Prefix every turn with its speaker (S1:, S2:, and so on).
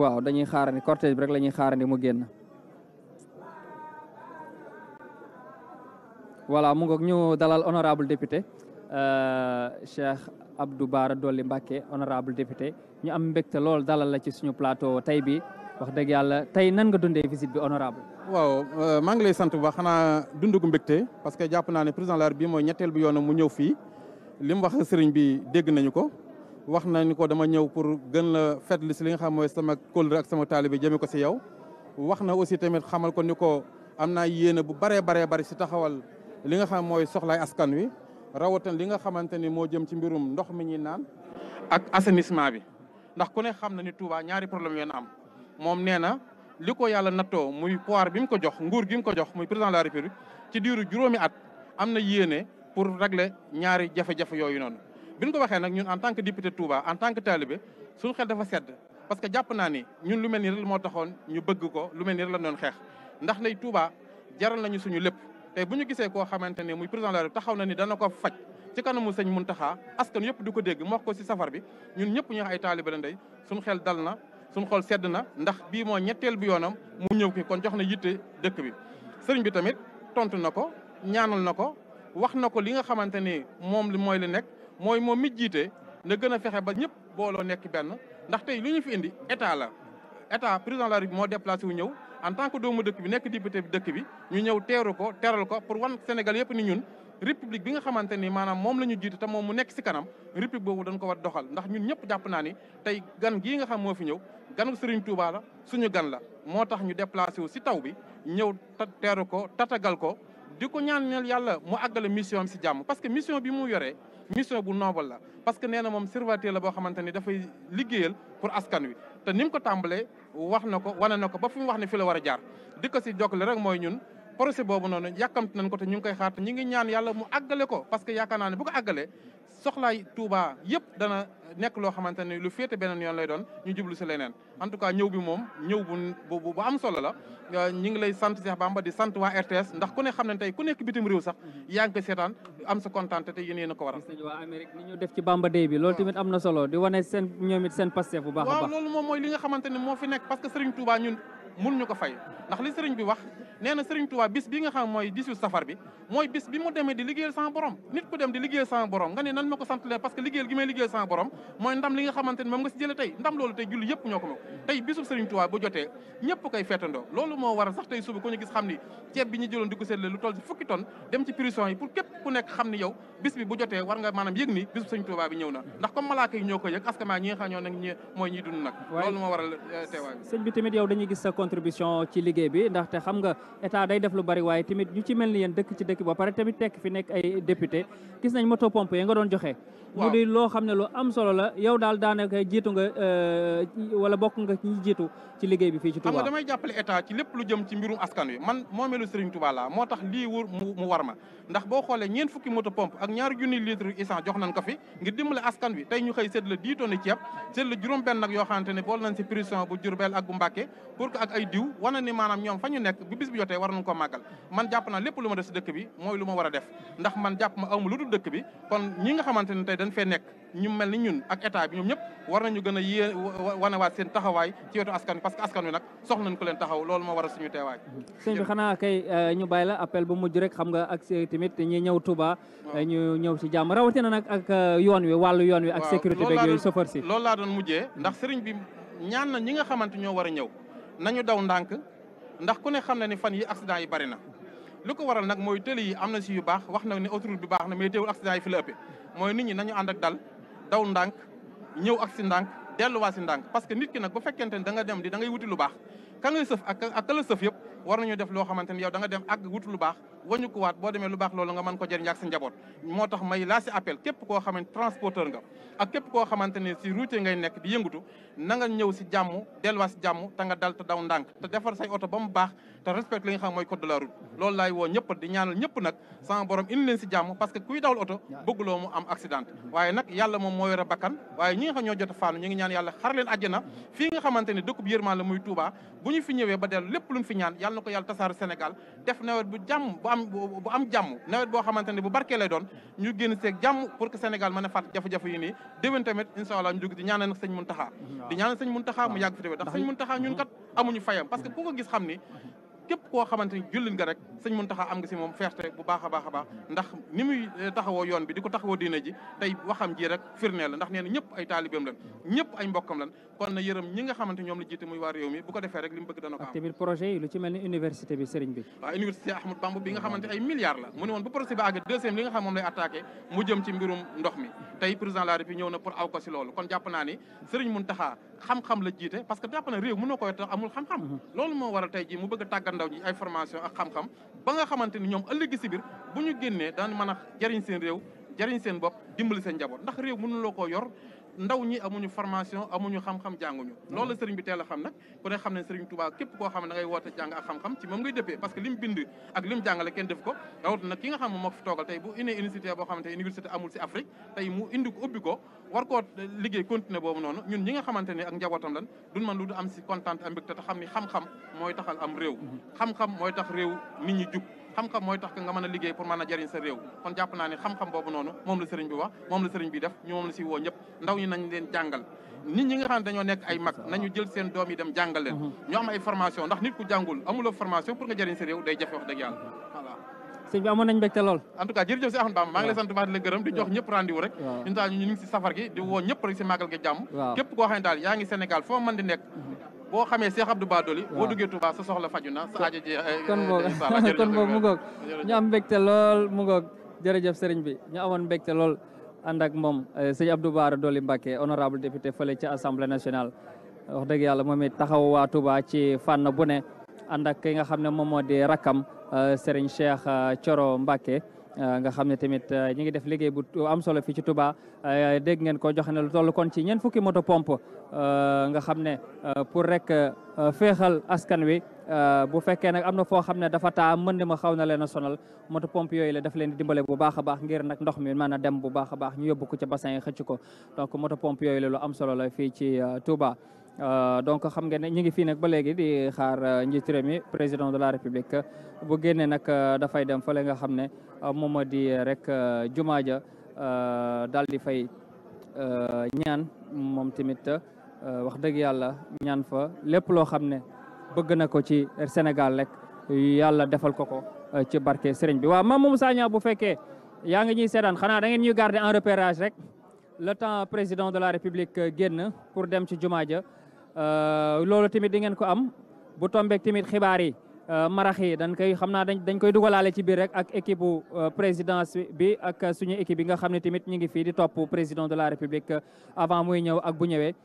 S1: waaw dañuy xaarandi cortège bi rek la ñuy xaarandi mu génn voilà mu ngoog ñu dalal honorable député euh, Cheikh Abdou Bara Dolly Mbacké honorable député ñu am mbégte lool dalal la ci suñu plateau tey bi wax dëgg yàlla tey nan nga dundee visite bi honorable
S2: waaw euh, maa ngi lay sant bu baax xanaa dund gu mbégte parce que jàpp naa ne président la bi mooy ñetteel bi yoon mu ñëw fii li mu wax sëriñ bi dégg nañu ko wax nañu ko dama ñëw pour gën la fetli si li nga xam mooy sama kóllëre ak sama taalibe jëme ko si yow wax na aussi tamit xamal ko ni ko am naa yéene bu baree baree bari si taxawal li nga xam mooy soxlaay askan wi rawatan li nga xamante ni moo jëm ci mbirum ndox mi ñuy naan ak assainissement bi ndax ku ne xam na ni Touba ñaari problème yoon am moom nee na li ko yàlla nattoo muy pouvoir bi mu ko jox nguur gi mu ko jox muy président de la république ci diiru juróomi at am na yéene pour régler ñaari jafe yooyu noonu bi ñu ko waxee nag ñun en tant que député Touba en tant que talibé suñu xel dafa sedd parce que jàpp naa ni ñun lu mel ni rek moo taxoon ñu bëgg ko lu mel ni rek la doon xeex ndax nay Touba jaral nañu suñu lépp tey bu ñu gisee koo xamante ne muy président de la taxaw na ni dana ko faj ci kanamu sëñ Muntaxa askan yépp di ko dégg mu wax ko si safar bi ñun ñëpp ñu ay taalibe la ndey suñu xel dal na suñu xol sedd na ndax bii moo ñetteel bi yoonam mu ñëw ki kon jox na yitte dëkk bi sëriñ bi tamit tontu na ko ñaanal na ko wax na ko li nga xamante ni moom mooy li nekk mooy moom mi jiite na gën a fexe ba ñëpp booloo nekk benn ndax tey lu ñu fi indi état la état président de la République moo déplacé wu ñëw en tant que doomu dëkk bi nekk député bi dëkk bi ñu ñëw teeru ko teral ko pour wan Sénégal yëpp ni ñun république bi nga xamante ni maanaam moom la ñu jiite te moom mu nekk si kanam république boobu dañ ko war doxal ndax ñun ñëpp jàpp ni tey gan gii nga xam moo fi ñëw ganu Serigne Touba la suñu gan la moo tax ñu déplacé wu si taw bi ñëw teeru ko tatagal ko di ko ñaanal yàlla mu àggale mission am si jàmm parce que mission bi mu yoree mission bu noble la parce que nee na moom serviteur la boo xamante ni dafay liggéeyal pour askan wi te ni mu ko tàmbalee wax na ko wane na ko ba fu mu wax ne fi la war a jaar di ko si jokkale rek mooy ñun projet boobu noonu yàkkamti nañ ko te ñu ngi koy xaar ñu ngi ñaan yàlla mu àggale ko parce que yaakaar naa ne bu ko àggalee soxlaay Touba yëpp dana nekk loo xamante ne lu féete beneen yoon lay doon ñu jublu si leneen en tout cas ñëw bi moom ñëw bu bu am solo la ñi ngi lay sant Cheikh Bamba di sant waa RTS ndax ku xam ne tey ku nekk bitim réew sax yaa ngi seetaan am sa kontaan te yéen yéen a ko waral waa Amérique ni ñu
S1: def ci Bamba Day bi loolu na solo di wane
S2: moom mooy li nga moo fi nekk parce que Serigne Touba ñun mun ñu ko fay ndax li sëriñ bi wax nee sëriñ Tuubaa bis bi nga xam mooy 18 safar bi mooy bis bi mu demee di liggéeyal sama borom nit ku dem di liggéeyal sama borom mooy ndam li nga xamante moom nga si jële tey ndam loolu moo waral sax sëriñ bi ñëw na ndax
S1: comme contribution ci liggéey bi ndaxte xam nga état day def lu bari waaye tamit ñu ci mel ni yéen dëkk ci dëkk ba pare tamit tekk fi nekk ay député gis nañ moto pompe yi nga doon joxe. mu di loo xam ne lu am solo la yow daal daanaka jiitu nga euh, wala bokk nga ci jiitu ci liggéey bi fii ci Touba. xam nga damay jàppale état ci lépp lu jëm ci mbirum
S2: askan wi man moomeelu Serigne Touba la moo tax lii wur mu war ma ndax boo xoolee ñeent fukki moto pompe ak ñaari junni litre essence jox ko fi ngir dimbale askan wi tey ñu xëy seet yoo xamante ne bool nañ si ay diw wane ni maanaam ñoom fa ñu nekk bu bis bi war ko màggal man jàpp na lépp lu ma def si dëkk bi mooy lu ma war a def ndax man jàpp ma awma lu dul dëkk bi kon ñi nga xamante ne tey dañ fee nekk ñu mel ni ñun ak état ñoom ñëpp war nañu gën a yée wanewaat seen taxawaay ci askan parce que askan wi nag soxla nañ ko leen taxaw loolu moo waral suñu teewaay
S1: sëñ bi xanaa kay euh, ñu bàyyi la appel bu mujj rek xam nga ak tamit ñi ñëw Touba ñu ñëw si jàmm rawatina nag ak euh, yoon wi wàllu yoon wi ak sécurité beeg yooyu si loolu laa doon mujjee ndax
S2: sëriñ bi ñaan na ñi nga xamante ñoo war a ñëw nañu daw ndànk ndax ku ne xam na ne fan yi accident yi bari na lu ko waral nag mooy tëli yi am na si yu baax wax na ne autoroute bi baax na mais teewul accident yi fi la ëppee mooy nit ñi nañu ànd ak dal daw ndànk ñëw ak si ndànk delluwaat si ndànk parce que nit ki nag bu fekkente ne da nga dem di da ngay wuti lu baax ka ngay sëf ak ak sëf yëpp war nañu def loo xamante ne yow da nga dem ak wuti lu baax wañu ko waat boo demee lu baax loolu nga mën ko jëriñ njaboot moo tax may laa si appel képp koo xamante transporteur route ngay nekk di yëngatu na ñëw si jàmm delluwaat si jàmm te nga dal te daw ndànk te defar say oto ba mu baax te respect li nga xam mooy code de la route loolu laay woo ñëpp di ñaanal ñëpp waaye nag yàlla moom moo yore bakkan waaye ñi nga xam ñoo jot a faanu ñu ngi ñaan yàlla xar leen àjjana fii nga xamante ne dëkkub yërmaan la muy Touba bu ñu fi ñëwee ba dellu lépp luñ fi ñaan yàlla na ko am am jàmm nawet boo xamante bu barkee lay doon ñu génn seeg jàmm pour que Sénégal mën a fàtt jafe-jafe yi tamit incha allah ñu jóg di ñaanal nag sëñ Muntaxa di ñaanal sëñ Muntaxa mu yàgg fi tamit ndax sëñ Muntaxa ñun kat amuñu fayam parce que ku ko gis xam ni képp koo xamante ni jullit nga rek sëñ Muntaxa am nga si moom fierté bu baax a ndax ni muy eh, yoon bi di ko taxawoo diine ji tey waxam ji rek firnee ndax nee na ay taalibeem lan ñëpp ay mbokkam la jiite li nga xam moom lay attaqué mu ci mbirum ndox mi tey président de ñëw na pour aw loolu kon jàpp naa ni sëriñ Muntaxa xam-xam la jiite parce que jàpp na réew mënoo koy tax amul xam-xam mm-hmm. loolu moo waral tey ji mu bëgg tàggat ndaw ñi ay formation ak xam ba nga xamante ni ñoom ëllëg si biir bu ñu génnee daal mën a jariñ seen réew jariñ seen bopp dimbali seen njaboot ndax réew mënuloo koo yor ndaw ñi amuñu formation amuñu xam-xam jànguñu mm. loolu la sëriñ bi teel a xam na ku xam ne sëriñ Touba képp koo xam ne da ngay woote jàng ak xam-xam ci moom ngay dëppee parce que lim bind ak lim jàngale kenn def ko rawat nag ne moo ko fi toogal tey bu indee université boo ko ubbi ko war koo liggéey continuer boobu noonu ñun ñi nga xamante ne ak njabootam lan duñ mën lu du am si kontaan am mbégte xam ni xam-xam mooy taxal am réew mm-hmm. xam-xam mooy tax réew nit ñi jub xam-xam mooy tax nga mën a liggéey pour mën a jariñ sa réew kon jàpp naa ne xam-xam boobu noonu moom la sëriñ bi wax moom la sëriñ bi def jàngal nit ñi nga xam mhm. ay formation ndax nit ku jàngul amuloo formation pour nga jariñ sa réew day jafe wax dëgg yàlla
S1: amoon nañ mbégte lool
S2: en tout si Ahmad Bamba maa ngi lay sant baax gërëm di jox ñëpp rendez rek ñu ñu ngi si safar gi di woo ñëpp rek si màggal gi jàmm képp koo xam ne daal yaa ngi Sénégal boo xamee Cheikh Abdou Badoli boo duggee Touba sa soxla faju na sa aajo ji eh, eh, kon eh, boog kon boog mu
S1: ñu am mbégte lool mu ngoog jërëjëf sëriñ bi ñu amoon mbégte lool ànd ak moom sëñ Abdou Bara Dolly Mbacké honorable député fële ci assemblée nationale wax dëgg yàlla moom it taxaw waa ci fànn bu ne ànd ak ki nga xam ne moom moo di rakkam sëriñ Cheikh Thioro Mbacké Euh, nga xam ne tamit euh, ñu ngi def liggéey bu am solo fii ci Touba euh, dégg ngeen ko joxe na lu kon ci ñeent fukki moto pompe nga xam ne pour rek féexal askan wi bu fekkee nag am na foo xam ne dafa taa mën ma xaw na leen sonal moto pompe yooyu la daf leen di dimbale bu baax a baax ngir nag ndox mi mën na dem bu baax a bax ñu yóbbu ko ca bassin yi xëcc ko donc moto pompe yooyu la lu am solo la fii ci Touba. Euh, donc xam ngeen ne ñu ngi fii nag ba léegi di xaar euh, njiit mi président de la république bu génnee nag euh, dafay dem fële nga xam ne moom moo di rek jumaa ja daal di fay ñaan moom tamit wax dëgg yàlla ñaan fa lépp loo xam ne bëgg na ko ci Sénégal rek yàlla defal ko ko ci barke sëriñ bi waaw maam Moussa Niang bu fekkee yaa ngi ñuy seetaan xanaa da ngeen ñuy en repérage rek le temps président de la république génn pour dem ci jumaa ja Euh, loolu tamit di ngeen ko am bu tombeek tamit xibaar yi euh, marax yi dañ koy xam naa dañ koy dugalaale ci biir rek ak équipe bu euh, présidence bi ak suñu équipe yi nga xam ne tamit ñu ngi fii di topp président de la république avant muy ñëw ak bu ñëwee